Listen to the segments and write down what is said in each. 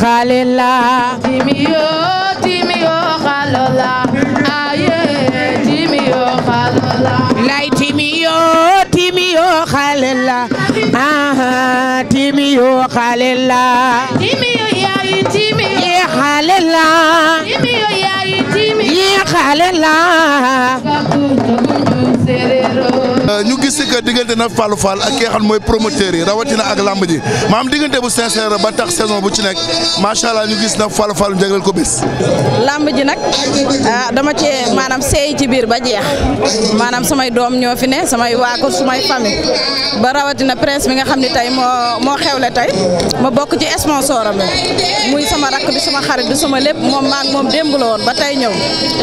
xalila timi yo timi aye timi yo xalila aha timi yo xalila timi yo xalila timi yo yayi timi yo xalila Euh, ñu gis si que diggante na Fallou Fall ak ki nga xam mooy promoteur yi rawatina ak lamb ji maam diggante bu sincère ba tax saison bu ci nekk macha allah ñu gis na Fallou Fall jagleel ko bés. lamb ji nag ah, dama cee maanaam seey ci biir ba jeex maanaam samay doom ñoo fi ne samay waa ko sumay ba rawatina presse bi nga xam ne tey moo moo xewle tey ma bokk ci sponsor am muy sama rakk di sama xarit di sama lépp moom maag moom démb la woon ba tey ñëw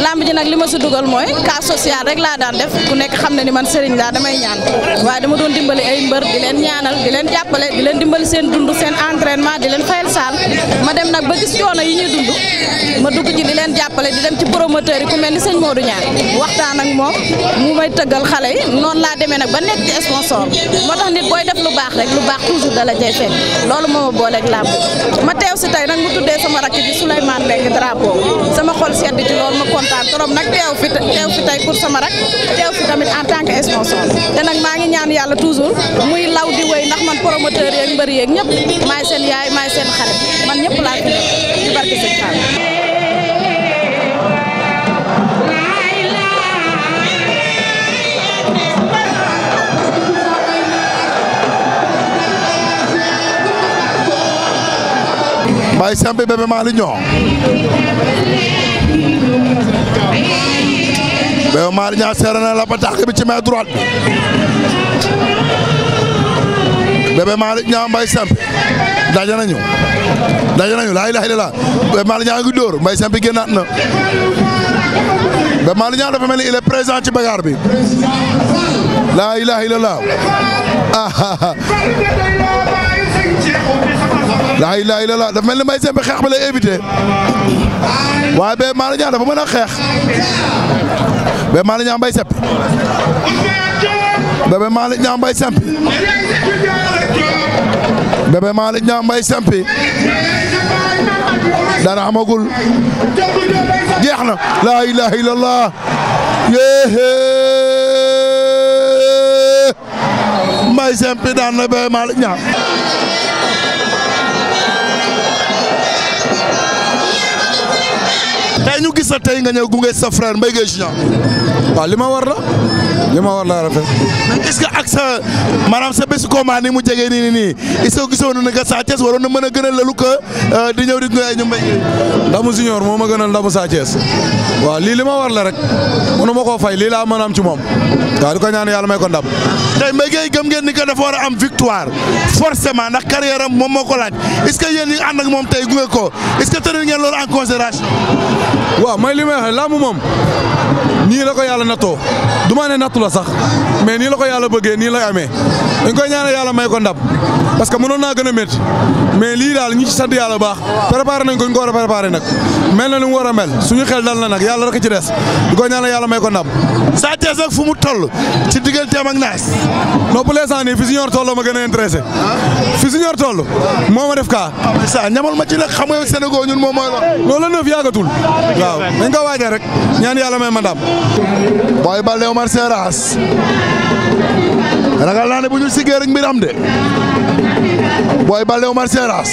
lamb ji nag li ma si dugal mooy cas rek laa daan def ku nekk xam ne ni man Serigne laa damay ñaan waaye dama doon dimbali ay mbër di leen ñaanal di leen jàppale di leen dimbali seen dund seen entraînement di leen fayal saal ma dem nag ba gis coono yi ñuy dund ma dugg ci di leen jàppale di dem ci promoteur yi ku mel ni sëñ Modou Ñaan waxtaan ak moom mu may tëggal xale yi noonu laa demee nag ba nekk ci sponsor moo tax nit booy def lu baax rek lu baax toujours dala cay fekk loolu moo ma booleeg làmb ma teew si tey nag mu tuddee sama rakk sama xol sedd ci loolu ma kontaan trop nag teew fi teew fi tey pour sama rakk teew fi tamit en tant que te nag maa ngi ñaan yàlla toujours muy law di wéy ndax man promoteur yeeg mbër yeeg ñëpp maay seen yaay maay seen xarit man ñëpp laa fi barke seen Fall Béba Mari Niang seere na la ba tax bi ci droite bi Béba Mari Niang Mbaye Semp daje nañu daje nañu laa ilaaha illallaah Béba Mari Niang ngi dóor Mbaye Semp génnaat na Béba dafa mel ni il est présent ci bagarre bi laa ilaaha illallaah ah laa dafa mel ni Mbaye Semp xeex bi lay éviter waaye Béba Mari Niang dafa mën a xeex. Bébé Malick Niang Mbaye Sempi Bébé Malick Niang Mbaye Sempi Bébé Malick Niang Mbaye Sempi dara amagul jeex na laa ilaaha illallah yéehée tey ñu gis la tey nga ñëw gunge sa frère Mbaye Guèye Junior waaw li ma war la li ma war laa rafet. est-ce que ak sa maanaam sa bésu ni mu jege nii nii gisoon na nga Sa Thiès waroon na mën a gënal la lu ko euh, di ñëw di nuyu ñu mbéy mi. ndamu junior moo ma gënal ndamu Sa Thiès waaw lii li ma war la rek mënu ma ko fay lii laa mën am ci moom waaw di ko ñaan yàlla may ko ndam. tey Mbaye Gueye gëm ngeen ni que dafa war a am victoire forcément ndax carrière moom moo ko laaj est-ce que yéen ñi ànd moom tey gunge ko est-ce que tenir ngeen loolu en considération. waaw may wax lamb moom nii la ko yàlla nattoo la sax mais nii la ko yàlla bëggee nii lay amee dañ koy ñaanal yàlla may ko ndab parce que mënoon naa gën a métti mais lii daal ñu ci sant baax préparé nañ ko ñu ko war a préparé mel na lu mu a mel suñu xel dal na nag yàlla rek ci des di koy ñaanal may ko ndab Sa Thiès ak fu ci digganteem ak naas non pour l'instant fi si ñor toll ma gën a kaa sa ñamal ma ci nag xam nga Sénégal ñun moom mooy wax loolu la waaw dañ ko waajal rek ñaan Fass ragal naa ne bu ñu siggee rek mbir de Boy Baldé Omar Seras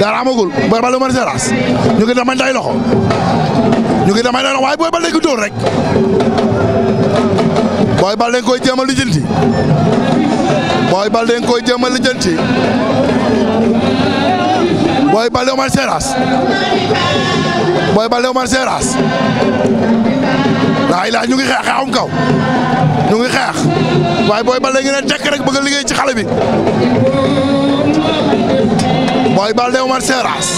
dara amagul Boy Baldé Omar Seras ñu ngi damay day loxo ñu ngi damay day loxo waaye Boy Baldé ko dóor rek Boy Baldé koy jéem a lijjanti Boy Baldé koy jéem a lijjanti Boy Baldé Omar Seras laa ilaa ñu ngi xeex xeexum kaw ñu ngi xeex waaye booy Baldé ngi ne tekk rek bëgg a liggéey ci xale bi booy Baldé Omar Seras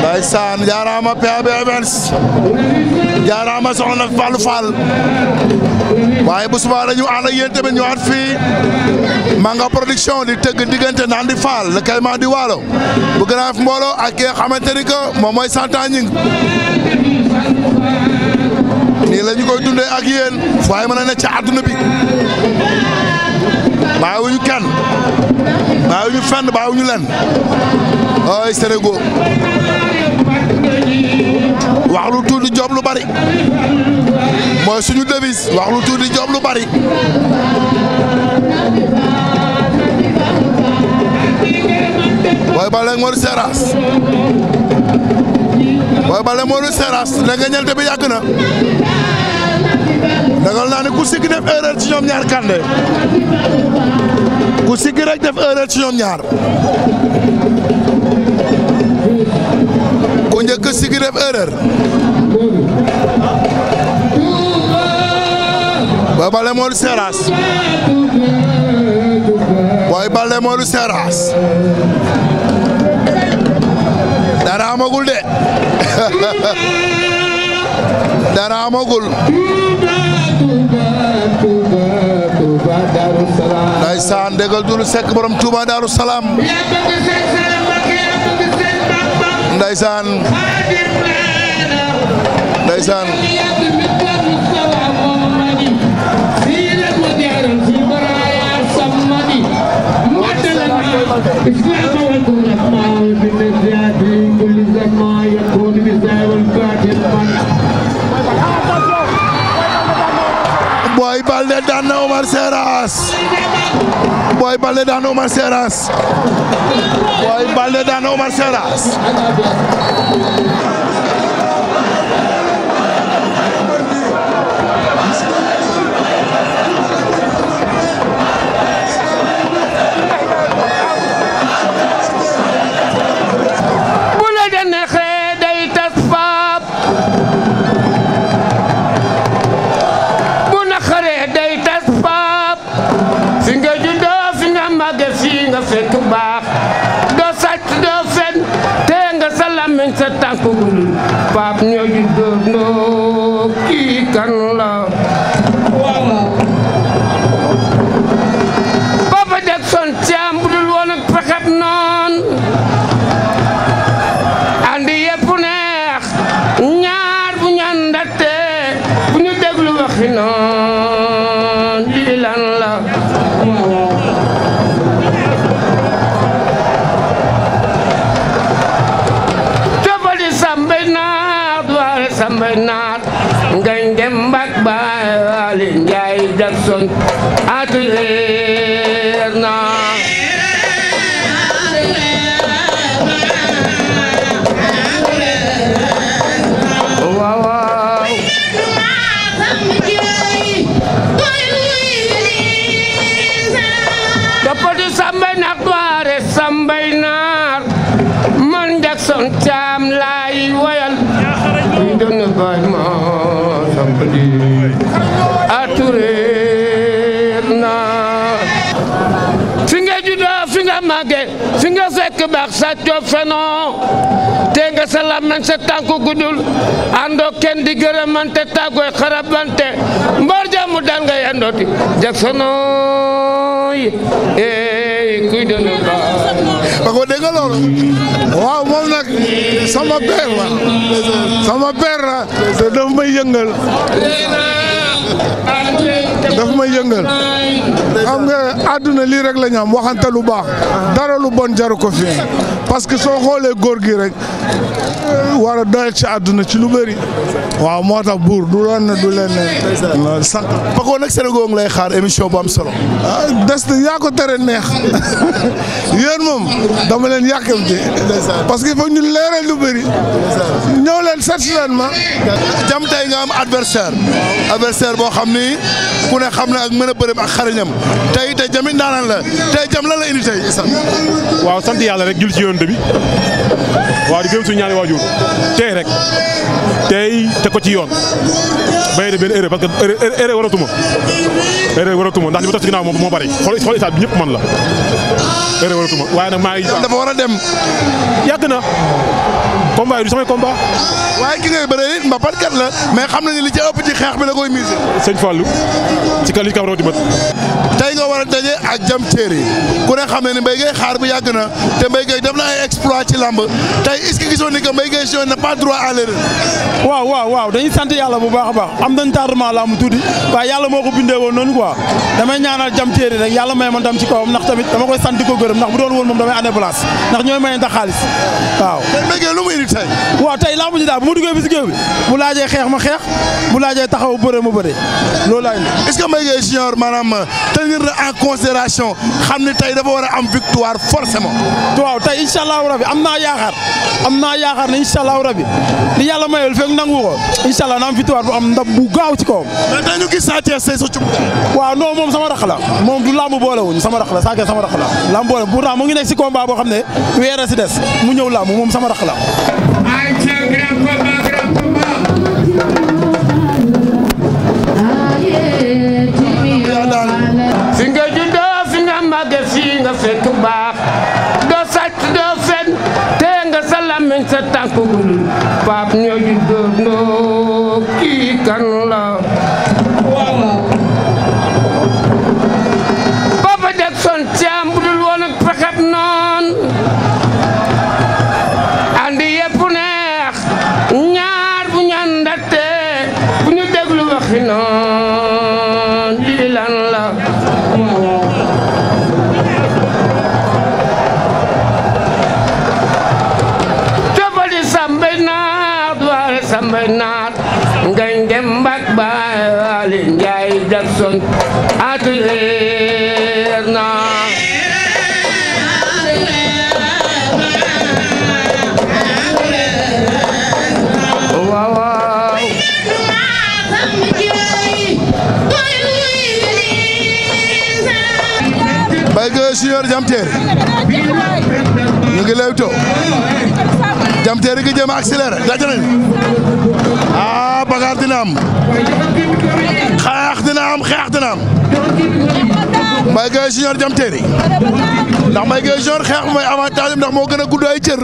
ndeysaan jaaraama PAB Events jaaraama soxna bu subaa dañu ànd ak yéen tamit ñëwaat fii Manga production di tëgg diggante Nandi Fall le Caïman di Waalo bu Grand Yoff ak ki nga xamante ni que moom mooy Santa Ñing nii la ñu koy dundee ak yéen fu waay mën a nekk ci àdduna bi bàyyiwuñu kenn bàyyiwuñu fenn bàyyiwuñu len ay Sénégal wax lu tuuti job lu bari mooy suñu devise wax lu tuuti jom lu bari Boy Baldé Modou Seras Boy Baldé Modou Seras da nga ñeente bi yàgg na dangal naa ne ku sigg def erreur ci ñoom ñaar Kande ku sigg rek def erreur ci ñoom ñaar ku njëkk sigg def erreur Boy Baldé Modou Seras Boy Baldé Modou Seras dara amagul de dara amagul ndaysaan déggal dulu sekk borom Boy Baldé daan na Omar Seras Boy Baldé daan na Omar Seras Boy Baldé daan na Omar Seras beaucoup. baax sàccoo fenoo te nga sa làmmeñ sa tànku guddul àndoo kenn di gërëmante tàggooy xarabante mboor jàmm dal ngay andooti jaksonooy eey eh, kuy dëndu baax ba ko dégg loolu waaw moom nag sama père la sama père la te daf may yëngal dafa may yëngal xam nga àdduna lii rek la am waxante lu baax dara lu bon jaru ko fi parce que soo xoolee góor gi rek war a doyal ci àdduna ci lu bari waaw moo tax buur du doon ne du leen ne sant Paco nag Sénégal ngi lay xaar émission bu am solo ah, des na yaa ko neex yéen moom dama leen yàkkamte parce que foog ñu leeral lu bëri ñëw leen seet si leen ma jam tey nga am adversaire boo xam ni ku ne xam ne ak mën a bëreem ak xarañam tey jam jamit ndaanaan la tey jam la la indi tey waaw sant yàlla rek jul ci yoonte bi waaw di gërëm suñu ñaari waajur tey rek tey te ko ci yoon bañ a def benn erreur parce que erreur waratuma erreur waratuma ndax li ma tax ci ginnaaw moo bari xool xool bi ñëpp man la erreur waratuma waaye nag maa ngi. dafa war a dem. yàgg na. combat yi du samay combat. waaye ki ngay bëree mbapat kat la mais xam nañu li ci ëpp ci xeex bi la koy miser. sëñ Fallou ci kàll yi kaw rawati war a daje ak jam téere ku ne xam ne ni Mbaye Gueye xaar bu yàgg na te bay gay def na exploit ci lamb tey est-ce que gisoon ni que Mbaye Gueye pas droit à l'erreur. waaw waaw waaw dañuy sant yàlla bu baax a baax. am nañ tardement la am tuuti waaye yàlla moo ko bindee woon noonu quoi damay ñaanal jam téeri rek yàlla may man tam ci kawam ndax tamit dama koy sant ko gërëm ndax bu doon woon moom damay année blanche ndax ñooy maye ndax xaalis waaw tey mbéggee lu mu indi tey waaw tey laa muñu bu ma duggee bi si bi bu laajee xeex ma xeex bu laajee taxaw bëre ma bëre loolu laa indi est-ce que mbéggee maanaam tenir na en considération xam ne tey dafa war a am victoire forcément waaw tey incha allahu rabi am naa yaakaar am naa yaakaar ne incha rabi li yàlla mayal fekk nangu ko incha allah na am victoire bu am ndam bu gaaw ci kawam. mais dañu gis Sa Thiès say sa sama rax moom du làmb boole wuñ sama rax la Sa Thiès sama rax la làmb boole pourtant mu ngi nekk si combat boo xam ne weer si des mu ñëw làmb moom sama rax ak kooku Pape baat leer na Mbaye Gueye Junior Diam Terry ñu ngi lewto Diam Terry gi jëm accéléré daje nañu ah bagaar dina am xaax dina am xeex dina am Mbaye Gueye Junior jam teeri ndax Mbaye Gueye Junior xeex bu may avantage ndax moo gën a gudd ay cër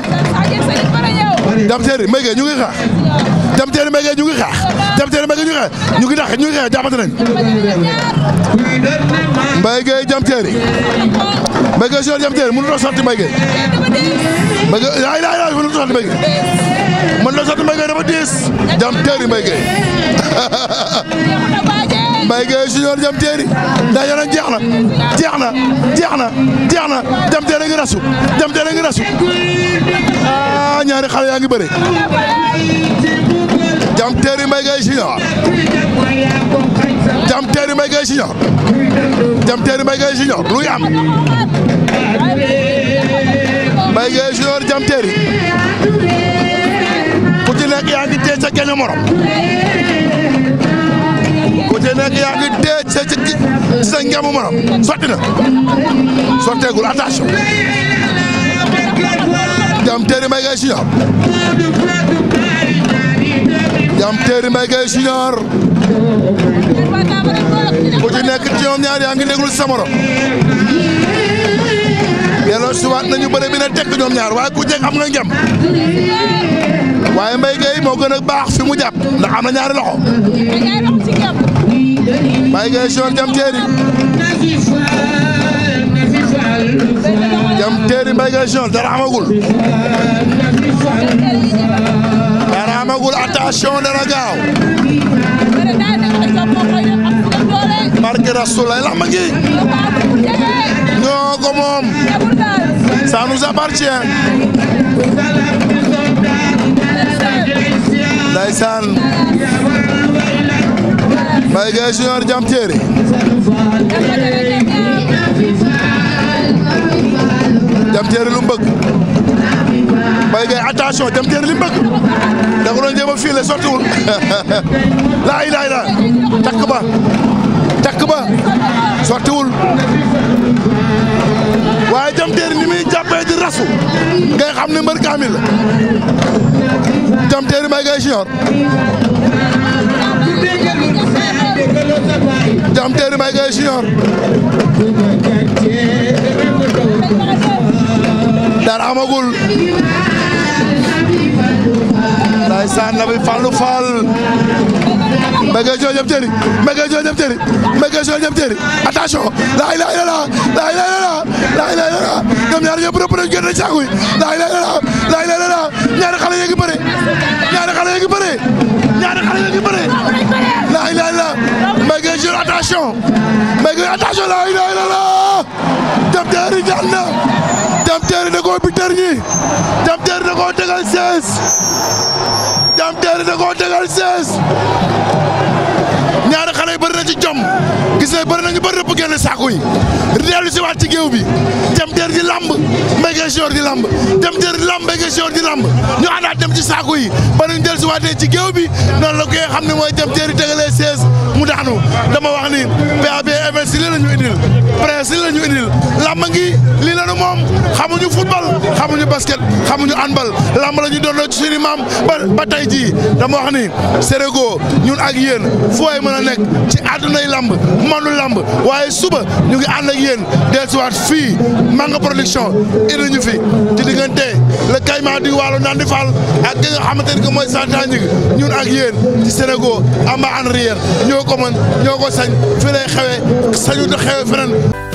jam teeri Mbaye Gueye ñu ngi xeex jam teeri Mbaye Gueye ñu ngi xeex jam teeri Mbaye Gueye ñu ngi xeex ñu ngi tax ñu ngi xeex jàppante nañ Mbaye Gueye jam teeri Mbaye Gueye Junior jam teeri mënu too sotti Mbaye Gueye Mbaye Gueye laay laay laay mënu too sotti Mbaye Gueye mënu too sotti Mbaye Gueye dafa diis jam teeri Mbaye Gueye Mbaye Gueye junior jam teeri ndaje na jeex na jeex na jeex na jam teeri ngi rasu jam teeri ngi rasu ah ñaari xale yaa ngi bëre jam teeri Mbaye Gueye junior jam teeri Mbaye Gueye junior jam am Mbaye Gueye junior jam teeri ku ci nekk yaa ngi tee sa kenn morom ku ci nekk yaa ngi dee ci ci sa ngemu morom sotti na sotteegul attention Diam Terry Mbaye Gueye Junior Diam Terry Mbaye Gueye Junior ku ci nekk ci ñoom ñaar yaa ngi déglu sa morom yelloo suwaat nañu bëre bi ne tekk ñoom ñaar waaye ku jeg am nga ngem waaye Mbaye Gueye moo gën a baax fi mu jàpp ndax am na ñaari loxo Baye Gaye Junior Diam Terry Diam Terry Baye Gaye Junior dara amagul dara amagul attention dara gaaw barke Rasulullah la ma ngi ñoo ko moom ça nous appartient ndeysaan Mbaye Gueye Junior Diam Terry Diam Terry lu mu bëgg Mbaye Gueye attention Diam Terry li takk ba takk ba waaye Diam Terry ni muy jàppee rasu ngay xam ne kaamil la Diam Terry Mbaye Gueye Diam Terry Mbaye Gueye Junior dara amagul ndeysaan Nabi Fallou Fall mbege joo jëm teri mbege joo jëm teri mbege joo jëm teri attention laa ilaaha illallaah laa ilaaha illallaah laa ilaaha illallaah ñoom ñaar ñëpp rëpp nañu génn saaku yi laa ilaaha illallaah laa ilaaha illallaah ñaari xale yi ngi bëre ñaari xale yi ngi bëre ñaari xale yi ngi bëre laa ilaaha illallaah mbege joo attention mbege attention laa ilaaha illallaah jëm teri jànn jëm teri da koo bi tër ñi koo tegal 16 Diam Terry da koo tegal 16 ñaar ñaari xale yi bëri na ci jom gis nga bëri nañu bëri rëpp génn saako yi dellu si waat ci géew bi dem der di lamb mbéykee si di lamb dem der di lamb mbéykee si di lamb ñu àndaat dem ci saako yi ba nañ dellu si waatee ci géew bi noonu la koy xam ne mooy dem der di tegalee 16 mu daanu dama wax ni PAB events lii la ñu indil presse lii la ñu indil lamb ngi lii la ñu moom xamuñu football xamuñu basket xamuñu handball lamb la ñu doon la suñu maam ba ba tey jii dama wax ni Sénégal ñun ak yéen fu waay mën a nekk ci àddunay lamb manu lamb waaye suba ñu ngi ànd ak yéen dellusiwaat fii Manga Production indi ñu fi ci diggante le Caïman du Waalo Ndandi Fall ak ki nga xamante ni que mooy Santa Ñing ñun ak yéen ci Sénégal amba en arrière ñoo ko ñoo ko sañ fi lay xewee sañu da feneen